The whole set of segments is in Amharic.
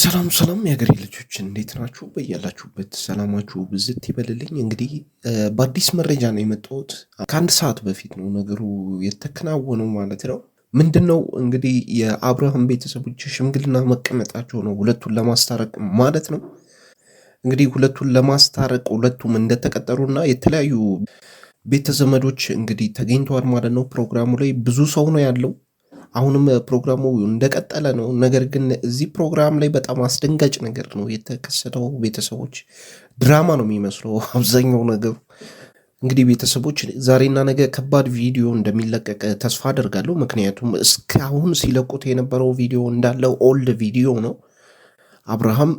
ሰላም ሰላም የሀገሬ ልጆች እንዴት ናችሁ? በያላችሁበት ሰላማችሁ ብዝት ይበልልኝ። እንግዲህ በአዲስ መረጃ ነው የመጣሁት። ከአንድ ሰዓት በፊት ነው ነገሩ የተከናወነው ማለት ነው። ምንድን ነው እንግዲህ የአብርሃም ቤተሰቦች ሽምግልና መቀመጣቸው ነው፣ ሁለቱን ለማስታረቅ ማለት ነው። እንግዲህ ሁለቱን ለማስታረቅ ሁለቱም እንደተቀጠሩና የተለያዩ ቤተዘመዶች እንግዲህ ተገኝተዋል ማለት ነው። ፕሮግራሙ ላይ ብዙ ሰው ነው ያለው አሁንም ፕሮግራሙ እንደቀጠለ ነው። ነገር ግን እዚህ ፕሮግራም ላይ በጣም አስደንጋጭ ነገር ነው የተከሰተው። ቤተሰቦች ድራማ ነው የሚመስለው አብዛኛው ነገር። እንግዲህ ቤተሰቦች ዛሬና ነገ ከባድ ቪዲዮ እንደሚለቀቅ ተስፋ አደርጋለሁ። ምክንያቱም እስካሁን ሲለቁት የነበረው ቪዲዮ እንዳለው ኦልድ ቪዲዮ ነው። አብርሃም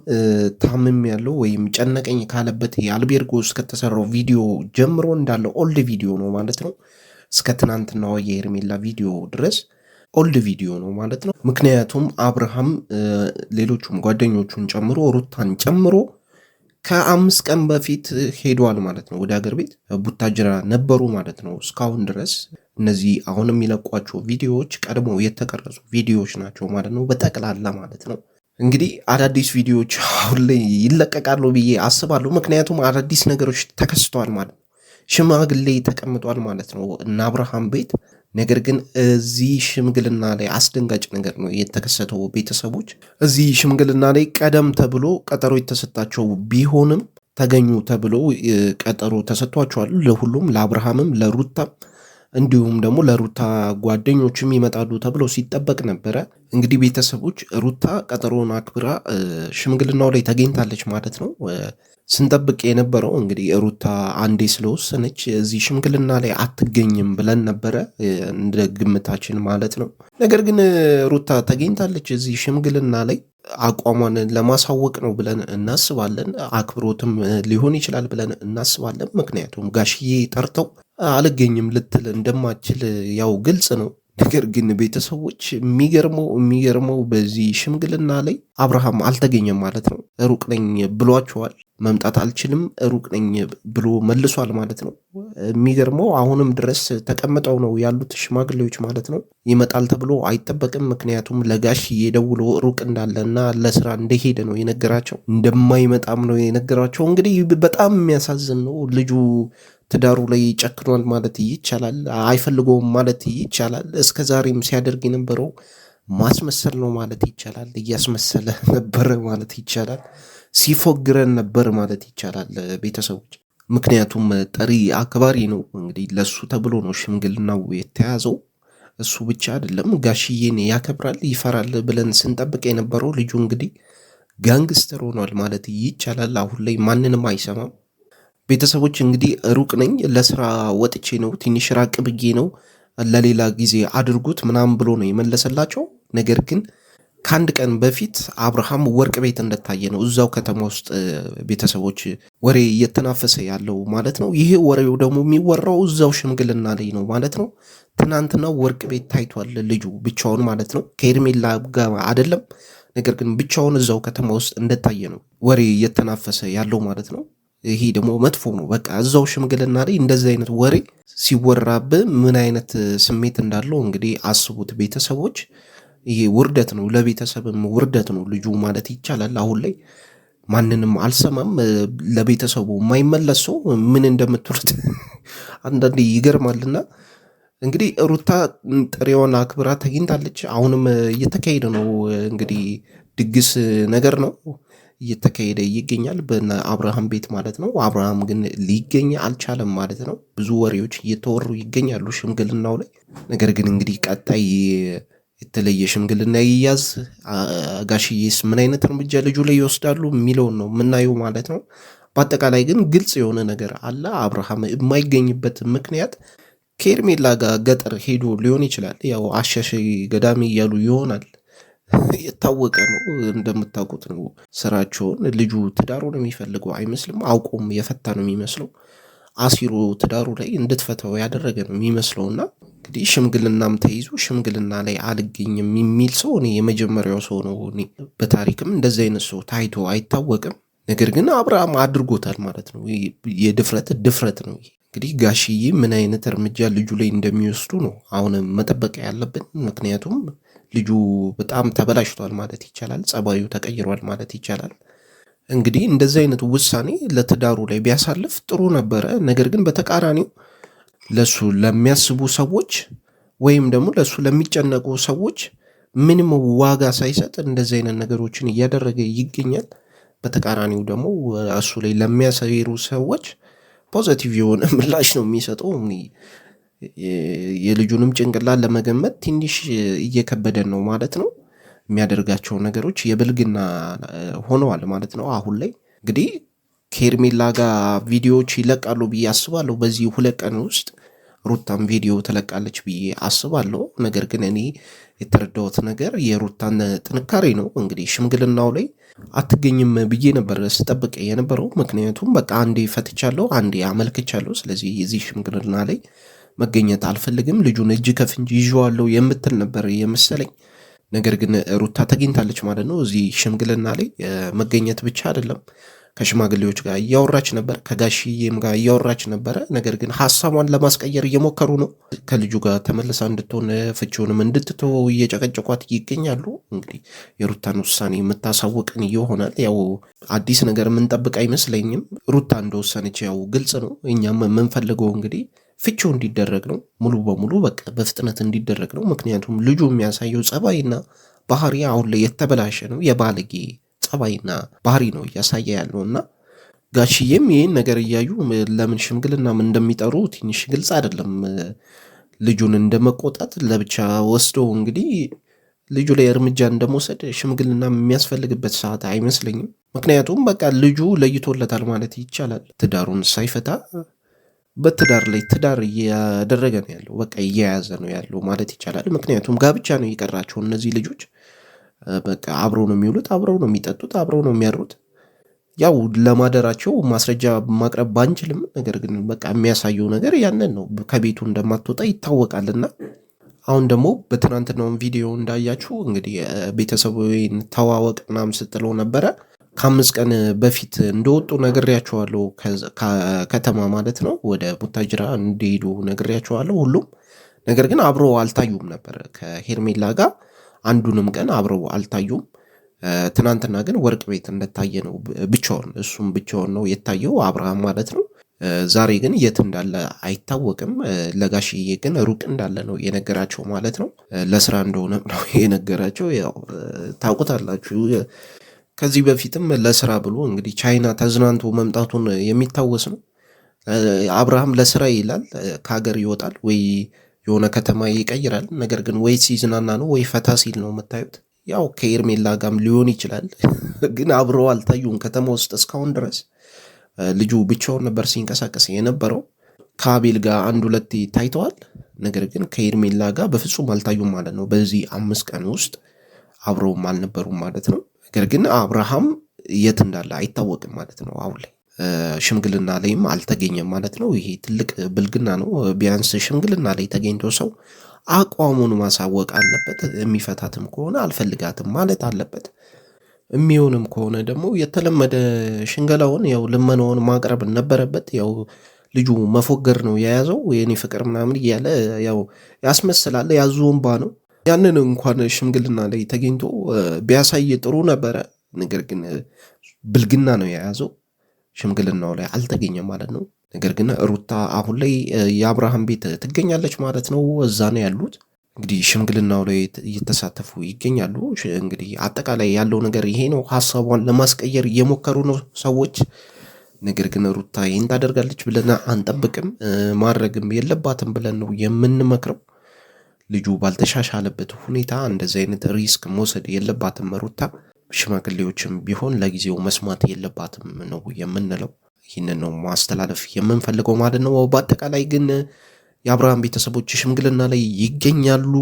ታምም ያለው ወይም ጨነቀኝ ካለበት የአልቤርጎ እስከተሰራው ቪዲዮ ጀምሮ እንዳለው ኦልድ ቪዲዮ ነው ማለት ነው እስከ ትናንትናዋ የሄርሜላ ቪዲዮ ድረስ ኦልድ ቪዲዮ ነው ማለት ነው። ምክንያቱም አብርሃም ሌሎቹም ጓደኞቹን ጨምሮ ሩታን ጨምሮ ከአምስት ቀን በፊት ሄደዋል ማለት ነው ወደ ሀገር ቤት ቡታጅራ ነበሩ ማለት ነው። እስካሁን ድረስ እነዚህ አሁን የሚለቋቸው ቪዲዮዎች ቀድሞ የተቀረጹ ቪዲዮዎች ናቸው ማለት ነው በጠቅላላ ማለት ነው። እንግዲህ አዳዲስ ቪዲዮዎች አሁን ላይ ይለቀቃሉ ብዬ አስባለሁ። ምክንያቱም አዳዲስ ነገሮች ተከስተዋል ማለት ነው። ሽማግሌ ተቀምጧል ማለት ነው እና አብርሃም ቤት ነገር ግን እዚህ ሽምግልና ላይ አስደንጋጭ ነገር ነው የተከሰተው። ቤተሰቦች እዚህ ሽምግልና ላይ ቀደም ተብሎ ቀጠሮ የተሰጣቸው ቢሆንም ተገኙ ተብሎ ቀጠሮ ተሰጥቷቸዋል። ለሁሉም ለአብርሃምም ለሩታም እንዲሁም ደግሞ ለሩታ ጓደኞችም ይመጣሉ ተብሎ ሲጠበቅ ነበረ። እንግዲህ ቤተሰቦች ሩታ ቀጠሮን አክብራ ሽምግልናው ላይ ተገኝታለች ማለት ነው። ስንጠብቅ የነበረው እንግዲህ ሩታ አንዴ ስለወሰነች እዚህ ሽምግልና ላይ አትገኝም ብለን ነበረ፣ እንደ ግምታችን ማለት ነው። ነገር ግን ሩታ ተገኝታለች እዚህ ሽምግልና ላይ አቋሟን ለማሳወቅ ነው ብለን እናስባለን። አክብሮትም ሊሆን ይችላል ብለን እናስባለን። ምክንያቱም ጋሽዬ ጠርተው አልገኝም ልትል እንደማችል ያው ግልጽ ነው። ነገር ግን ቤተሰቦች የሚገርመው የሚገርመው በዚህ ሽምግልና ላይ አብርሃም አልተገኘም ማለት ነው። ሩቅ ነኝ ብሏቸዋል። መምጣት አልችልም ሩቅ ነኝ ብሎ መልሷል ማለት ነው። የሚገርመው አሁንም ድረስ ተቀምጠው ነው ያሉት ሽማግሌዎች ማለት ነው። ይመጣል ተብሎ አይጠበቅም። ምክንያቱም ለጋሽ እየደውሎ ሩቅ እንዳለ እና ለስራ እንደሄደ ነው የነገራቸው። እንደማይመጣም ነው የነገራቸው። እንግዲህ በጣም የሚያሳዝን ነው ልጁ ትዳሩ ላይ ጨክኗል ማለት ይቻላል። አይፈልገውም ማለት ይቻላል። እስከ ዛሬም ሲያደርግ የነበረው ማስመሰል ነው ማለት ይቻላል። እያስመሰለ ነበረ ማለት ይቻላል። ሲፎግረን ነበር ማለት ይቻላል ቤተሰቦች። ምክንያቱም ጠሪ አክባሪ ነው። እንግዲህ ለሱ ተብሎ ነው ሽምግልናው የተያዘው። እሱ ብቻ አይደለም፣ ጋሽዬን ያከብራል፣ ይፈራል ብለን ስንጠብቅ የነበረው ልጁ እንግዲህ ጋንግስተር ሆኗል ማለት ይቻላል። አሁን ላይ ማንንም አይሰማም። ቤተሰቦች እንግዲህ ሩቅ ነኝ ለስራ ወጥቼ ነው ትንሽ ራቅ ብዬ ነው ለሌላ ጊዜ አድርጉት ምናምን ብሎ ነው የመለሰላቸው። ነገር ግን ከአንድ ቀን በፊት አብርሃም ወርቅ ቤት እንደታየ ነው እዛው ከተማ ውስጥ ቤተሰቦች ወሬ እየተናፈሰ ያለው ማለት ነው። ይሄ ወሬው ደግሞ የሚወራው እዛው ሽምግልና ላይ ነው ማለት ነው። ትናንትና ወርቅ ቤት ታይቷል ልጁ ብቻውን ማለት ነው ከኤርሜላ ጋር አይደለም። ነገር ግን ብቻውን እዛው ከተማ ውስጥ እንደታየ ነው ወሬ እየተናፈሰ ያለው ማለት ነው። ይሄ ደግሞ መጥፎ ነው። በቃ እዛው ሽምግልና ላይ እንደዚህ አይነት ወሬ ሲወራብ ምን አይነት ስሜት እንዳለው እንግዲህ አስቡት ቤተሰቦች። ይሄ ውርደት ነው፣ ለቤተሰብም ውርደት ነው ልጁ ማለት ይቻላል። አሁን ላይ ማንንም አልሰማም። ለቤተሰቡ የማይመለስ ሰው ምን እንደምትሉት አንዳንዴ ይገርማልና እንግዲህ ሩታ ጥሪዋን አክብራ ተገኝታለች። አሁንም እየተካሄደ ነው እንግዲህ ድግስ ነገር ነው። እየተካሄደ ይገኛል በአብርሃም ቤት ማለት ነው። አብርሃም ግን ሊገኝ አልቻለም ማለት ነው። ብዙ ወሬዎች እየተወሩ ይገኛሉ ሽምግልናው ላይ። ነገር ግን እንግዲህ ቀጣይ የተለየ ሽምግልና ይያዝ፣ ጋሽዬስ ምን አይነት እርምጃ ልጁ ላይ ይወስዳሉ የሚለውን ነው የምናየው ማለት ነው። በአጠቃላይ ግን ግልጽ የሆነ ነገር አለ። አብርሃም የማይገኝበት ምክንያት ከኤርሜላ ጋር ገጠር ሄዶ ሊሆን ይችላል። ያው አሻሽ ገዳሚ እያሉ ይሆናል የታወቀ ነው። እንደምታውቁት ነው ስራቸውን። ልጁ ትዳሩ ነው የሚፈልገው አይመስልም። አውቆም የፈታ ነው የሚመስለው። አሲሮ ትዳሩ ላይ እንድትፈታው ያደረገ ነው የሚመስለው እና እንግዲህ ሽምግልናም ተይዞ ሽምግልና ላይ አልገኝም የሚል ሰው እኔ የመጀመሪያው ሰው ነው። እኔ በታሪክም እንደዚህ አይነት ሰው ታይቶ አይታወቅም። ነገር ግን አብርሃም አድርጎታል ማለት ነው። የድፍረት ድፍረት ነው። እንግዲህ ጋሽዬ ምን አይነት እርምጃ ልጁ ላይ እንደሚወስዱ ነው አሁን መጠበቂያ ያለብን ምክንያቱም ልጁ በጣም ተበላሽቷል ማለት ይቻላል። ጸባዩ ተቀይሯል ማለት ይቻላል። እንግዲህ እንደዚህ አይነት ውሳኔ ለትዳሩ ላይ ቢያሳልፍ ጥሩ ነበረ። ነገር ግን በተቃራኒው ለሱ ለሚያስቡ ሰዎች ወይም ደግሞ ለሱ ለሚጨነቁ ሰዎች ምንም ዋጋ ሳይሰጥ እንደዚህ አይነት ነገሮችን እያደረገ ይገኛል። በተቃራኒው ደግሞ እሱ ላይ ለሚያሰሩ ሰዎች ፖዘቲቭ የሆነ ምላሽ ነው የሚሰጠው። የልጁንም ጭንቅላት ለመገመት ትንሽ እየከበደን ነው ማለት ነው። የሚያደርጋቸው ነገሮች የብልግና ሆነዋል ማለት ነው። አሁን ላይ እንግዲህ ከኤርሜላ ጋር ቪዲዮዎች ይለቃሉ ብዬ አስባለሁ። በዚህ ሁለት ቀን ውስጥ ሩታም ቪዲዮ ትለቃለች ብዬ አስባለሁ። ነገር ግን እኔ የተረዳሁት ነገር የሩታን ጥንካሬ ነው። እንግዲህ ሽምግልናው ላይ አትገኝም ብዬ ነበር ስጠብቅ የነበረው። ምክንያቱም በቃ አንዴ ፈትቻለሁ፣ አንዴ አመልክቻለሁ። ስለዚህ የዚህ ሽምግልና ላይ መገኘት አልፈልግም፣ ልጁን እጅ ከፍንጅ ይዤዋለሁ የምትል ነበር የመሰለኝ። ነገር ግን ሩታ ተገኝታለች ማለት ነው። እዚህ ሽምግልና ላይ መገኘት ብቻ አይደለም፣ ከሽማግሌዎች ጋር እያወራች ነበር፣ ከጋሽዬም ጋር እያወራች ነበረ። ነገር ግን ሀሳቧን ለማስቀየር እየሞከሩ ነው። ከልጁ ጋር ተመልሳ እንድትሆን ፍቺውንም እንድትተወው እየጨቀጨቋት ይገኛሉ። እንግዲህ የሩታን ውሳኔ የምታሳውቅን ይሆናል። ያው አዲስ ነገር የምንጠብቅ አይመስለኝም። ሩታ እንደወሰነች ያው ግልጽ ነው። እኛም የምንፈልገው እንግዲህ ፍቹ እንዲደረግ ነው። ሙሉ በሙሉ በቃ በፍጥነት እንዲደረግ ነው። ምክንያቱም ልጁ የሚያሳየው ጸባይና ባህሪ አሁን ላይ የተበላሸ ነው። የባለጌ ጸባይና ባህሪ ነው እያሳየ ያለው እና ጋሽዬም ይህን ነገር እያዩ ለምን ሽምግልናም እንደሚጠሩ ትንሽ ግልጽ አይደለም። ልጁን እንደመቆጣት ለብቻ ወስዶ እንግዲህ ልጁ ላይ እርምጃ እንደመውሰድ ሽምግልና የሚያስፈልግበት ሰዓት አይመስለኝም። ምክንያቱም በቃ ልጁ ለይቶለታል ማለት ይቻላል። ትዳሩን ሳይፈታ በትዳር ላይ ትዳር እያደረገ ነው ያለው። በቃ እየያዘ ነው ያለው ማለት ይቻላል። ምክንያቱም ጋብቻ ነው የቀራቸው እነዚህ ልጆች። በቃ አብረው ነው የሚውሉት፣ አብረው ነው የሚጠጡት፣ አብረው ነው የሚያድሩት። ያው ለማደራቸው ማስረጃ ማቅረብ ባንችልም፣ ነገር ግን በቃ የሚያሳየው ነገር ያንን ነው። ከቤቱ እንደማትወጣ ይታወቃልና አሁን ደግሞ በትናንትናውን ቪዲዮ እንዳያችሁ እንግዲህ ቤተሰቡን ተዋወቅ ምናምን ስትለው ነበረ። ከአምስት ቀን በፊት እንደወጡ ነግሬያቸዋለሁ። ከተማ ማለት ነው ወደ ቡታጅራ እንዲሄዱ ነግሬያቸዋለሁ። ሁሉም ነገር ግን አብረው አልታዩም ነበር ከሄርሜላ ጋር አንዱንም ቀን አብረው አልታዩም። ትናንትና ግን ወርቅ ቤት እንደታየ ነው ብቻውን፣ እሱም ብቻውን ነው የታየው አብርሃም ማለት ነው። ዛሬ ግን የት እንዳለ አይታወቅም። ለጋሽዬ ግን ሩቅ እንዳለ ነው የነገራቸው ማለት ነው። ለስራ እንደሆነ ነው የነገራቸው። ያው ታውቁታላችሁ ከዚህ በፊትም ለስራ ብሎ እንግዲህ ቻይና ተዝናንቶ መምጣቱን የሚታወስ ነው። አብርሃም ለስራ ይላል ከሀገር ይወጣል ወይ የሆነ ከተማ ይቀይራል። ነገር ግን ወይ ሲዝናና ነው ወይ ፈታ ሲል ነው የምታዩት። ያው ከኤርሜላ ጋም ሊሆን ይችላል፣ ግን አብረው አልታዩም ከተማ ውስጥ እስካሁን ድረስ። ልጁ ብቻውን ነበር ሲንቀሳቀስ የነበረው። ከአቤል ጋር አንድ ሁለቴ ታይተዋል፣ ነገር ግን ከኤርሜላ ጋር በፍጹም አልታዩም ማለት ነው። በዚህ አምስት ቀን ውስጥ አብረውም አልነበሩም ማለት ነው። ነገር ግን አብርሃም የት እንዳለ አይታወቅም ማለት ነው። አሁን ላይ ሽምግልና ላይም አልተገኘም ማለት ነው። ይሄ ትልቅ ብልግና ነው። ቢያንስ ሽምግልና ላይ ተገኝቶ ሰው አቋሙን ማሳወቅ አለበት። የሚፈታትም ከሆነ አልፈልጋትም ማለት አለበት። የሚሆንም ከሆነ ደግሞ የተለመደ ሽንገላውን ያው ልመናውን ማቅረብ ነበረበት። ያው ልጁ መፎገር ነው የያዘው የኔ ፍቅር ምናምን እያለ ያው ያስመስላል። ያዙ እምባ ነው ያንን እንኳን ሽምግልና ላይ ተገኝቶ ቢያሳይ ጥሩ ነበረ። ነገር ግን ብልግና ነው የያዘው፣ ሽምግልናው ላይ አልተገኘም ማለት ነው። ነገር ግን ሩታ አሁን ላይ የአብርሃም ቤት ትገኛለች ማለት ነው። እዛ ነው ያሉት እንግዲህ ሽምግልናው ላይ እየተሳተፉ ይገኛሉ። እንግዲህ አጠቃላይ ያለው ነገር ይሄ ነው። ሀሳቧን ለማስቀየር እየሞከሩ ነው ሰዎች። ነገር ግን ሩታ ይህን ታደርጋለች ብለን አንጠብቅም፣ ማድረግም የለባትም ብለን ነው የምንመክረው። ልጁ ባልተሻሻለበት ሁኔታ እንደዚህ አይነት ሪስክ መውሰድ የለባትም ሩታ። ሽማግሌዎችም ቢሆን ለጊዜው መስማት የለባትም ነው የምንለው። ይህንን ነው ማስተላለፍ የምንፈልገው ማለት ነው። በአጠቃላይ ግን የአብርሃም ቤተሰቦች ሽምግልና ላይ ይገኛሉ።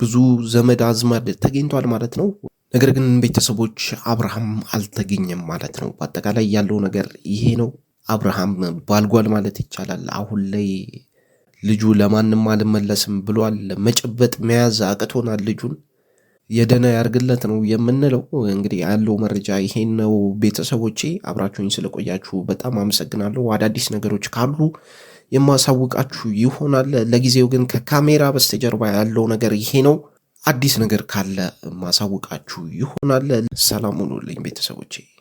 ብዙ ዘመድ አዝማድ ተገኝቷል ማለት ነው። ነገር ግን ቤተሰቦች አብርሃም አልተገኘም ማለት ነው። በአጠቃላይ ያለው ነገር ይሄ ነው። አብርሃም ባልጓል ማለት ይቻላል አሁን ላይ ልጁ ለማንም አልመለስም ብሏል። መጨበጥ መያዝ አቅቶናል ልጁን የደህና ያርግለት ነው የምንለው። እንግዲህ ያለው መረጃ ይሄን ነው። ቤተሰቦቼ አብራችሁኝ ስለቆያችሁ በጣም አመሰግናለሁ። አዳዲስ ነገሮች ካሉ የማሳውቃችሁ ይሆናል። ለጊዜው ግን ከካሜራ በስተጀርባ ያለው ነገር ይሄ ነው። አዲስ ነገር ካለ ማሳውቃችሁ ይሆናል። ሰላም ሁኑልኝ ቤተሰቦቼ።